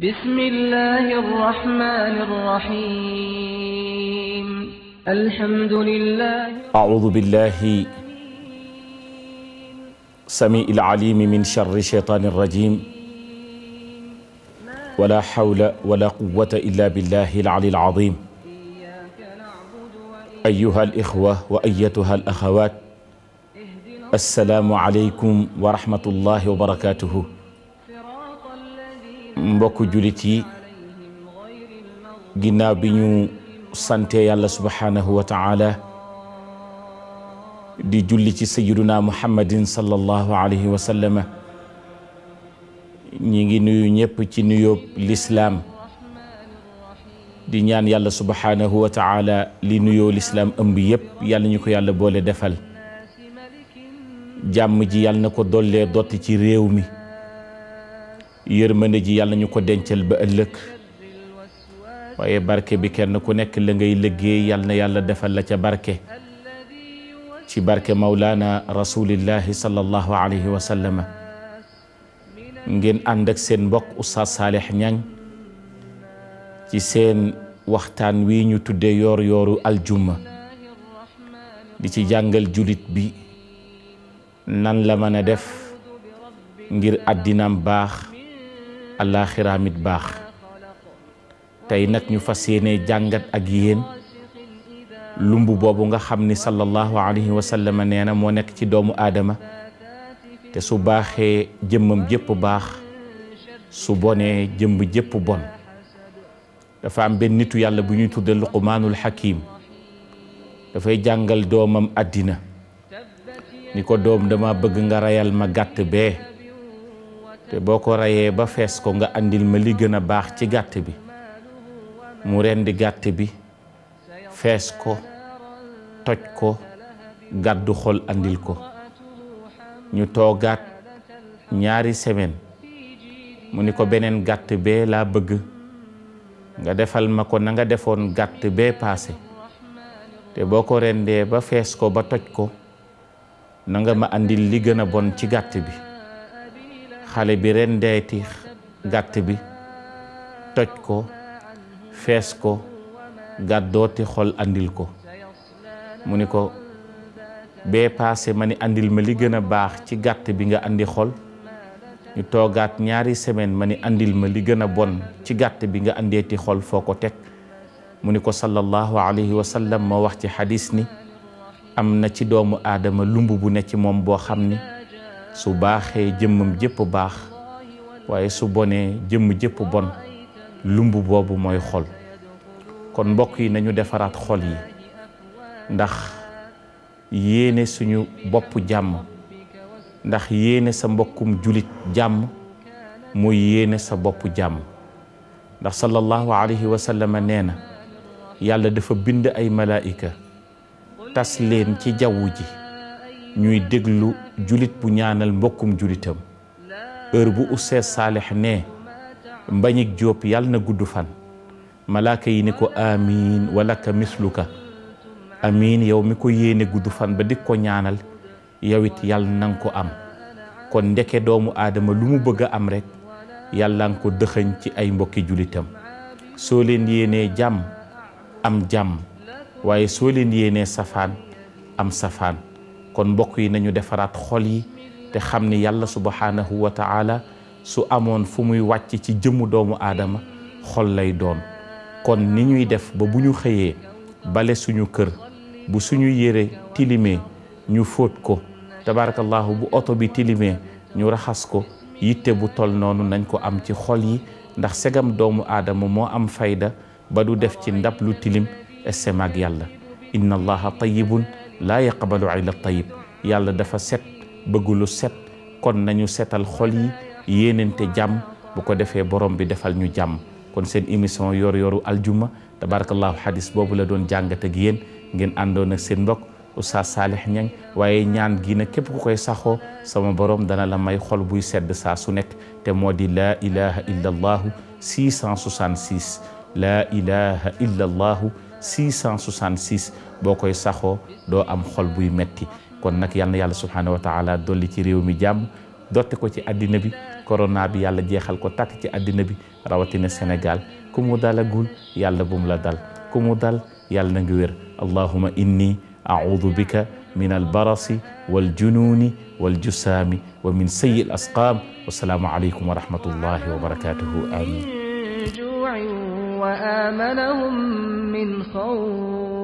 بسم الله الرحمن الرحيم الحمد لله أعوذ بالله سميع العليم من شر الشيطان الرجيم ولا حول ولا قوة إلا بالله العلي العظيم أيها الإخوة وأيتها الأخوات السلام عليكم ورحمة الله وبركاته mbokk jullit yi ginnaaw bi ñu sante yàlla subhaanahu wa taala di julli ci sayiduna muhammadin sallallahu alayhi wa sallama ñi ngi nuyu ñëpp ci nuyóob lislaam di ñaan yàlla subhaanahu wa taala li nuyoo lislaam ëmb yëpp yàlla ñu ko yàlla boole defal jàmm ji yàlla ko dollee dotti ci réew mi yërmande ji yàlla ñu ko dencal ba ëllëg waaye barke bi kenn ku nekk la ngay liggéey yàlla na yàlla defal la ca barke ci barke Mawlana rasulillahi sallallahu alayhi wa sallama ngeen àndak seen mbokk Oustaz Saliou Niang ci seen waxtaan wi ñu tuddee yoor yooru aljumma di ci jàngal julit bi nan la mën a def ngir àddinam baax àllaaxiraamit baax tey nag ñu fa yéene jàngat ak yéen lumb boobu nga xam ni sallallahu alayhi wa sallam na moo nekk ci doomu aadama te su baaxee jëmmam jëpp baax su bonee jëmb jëpp bon dafa am benn nitu yàlla bu ñuy tudda luqumaanul hakim dafay jàngal doomam àddina ni ko doom dama bëgg nga rayal ma gàtt bee te boo ko reyee ba fees ko nga andil ma li gën a baax ci gàtt bi mu rendi gàtt bi fees ko toj ko gàddu xol andil ko ñu toogaat ñaari semaine mu ni ko beneen gàtt bee laa bëgg nga defal ma ko na nga defoon gàtt bee paase te boo ko rendee ba fees ko ba toj ko nanga ma andil li gën a bon ci gàtt bi xale bi ren deeti gàtt bi toj ko fees ko gàddooti xol andil ko mu ni ko bee paase ma ni indil ma li gën a baax ci gàtt bi nga indi xol ñu toogaat ñaari semaine ma ni indil ma li gën bon ci gàtt bi nga andeeti xol foo ko teg mu ni ko sallallahu alayhi wa sallam moo wax ci xadis ni am na ci doomu aadama lumb bu ne ci moom boo xam ni su baaxee jëmmam jëpp baax waaye su bonee jëmm jëpp bon lumb boobu mooy xol kon mbokk yi nañu defaraat xol yi ndax yéene suñu bopp jàmm ndax yéene sa mbokkum julit jàmm mooy yéene sa bopp jàmm ndax sallallahu alayhi wa nee na yàlla dafa bind ay malaayika tas leen ci jawwu ji ñuy déglu julit bu ñaanal mbokkum julitam heure bu Oustaz Saalix ne Mbagnick Diop yàlla na gudd fan malaaka yi ne ko amiin walaka misluka amiin yow mi ko yéene gudd fan ba dik ko ñaanal yow it yàlla na ko am kon ndeke doomu aadama lu mu bëgg a am rekk yàlla nga ko dëxëñ ci ay mbokki julitam soo leen yéenee jàmm am jàmm waaye soo leen yéenee safaan am safaan kon mbokk yi nañu defaraat xol yi te xam ni yàlla subhanahu wa taala su amoon fu muy wàcc ci jëmmu doomu aadama xol lay doon kon ni ñuy def ba bu ñu xëyee bale suñu kër bu suñu yére tilimee ñu fóot ko tabarakallahu bu oto bi tilimee ñu raxas ko yitte bu tol noonu nañ ko am ci xol yi ndax segam doomu aadama moo am fayda ba du def ci ndab lu tilim esse yàlla inna tayyibun laa yaqbalu ayla tayib yàlla dafa set bëggulu set kon nañu setal xol yi yéenente jàmm bu ko defee borom bi defal ñu jàmm kon seen émission yor yoru aljuma tabarakallahu hadis boobu la doon jàngat ak yéen ngeen àndoon ak seen mbokk Oustaz Saalih Ñang waaye ñaan gi na képp ku koy saxoo sama borom dana la may xol buy sedd saa su nekk te moo di laa ilaha illa allahu 666 laa ilaha illa allahu 666 boo koy saxoo doo am xol buy metti kon nag yal na yàlla subhaanahu wa taala dolli ci réew mi jàmm dotti ko ci àddina bi corona bi yàlla jeexal ko tàkk ci àddina bi rawatina Sénégal ku mu dalagul yàlla bu mu la dal ku mu dal yàlla na ngi wér allahuma inni audu bika min albarasi waljununi waljusaami wa min sayi al asqaam wasalaamu aleykum wa rahmatullahi wa barakatuhu amin وآمنهم من خوف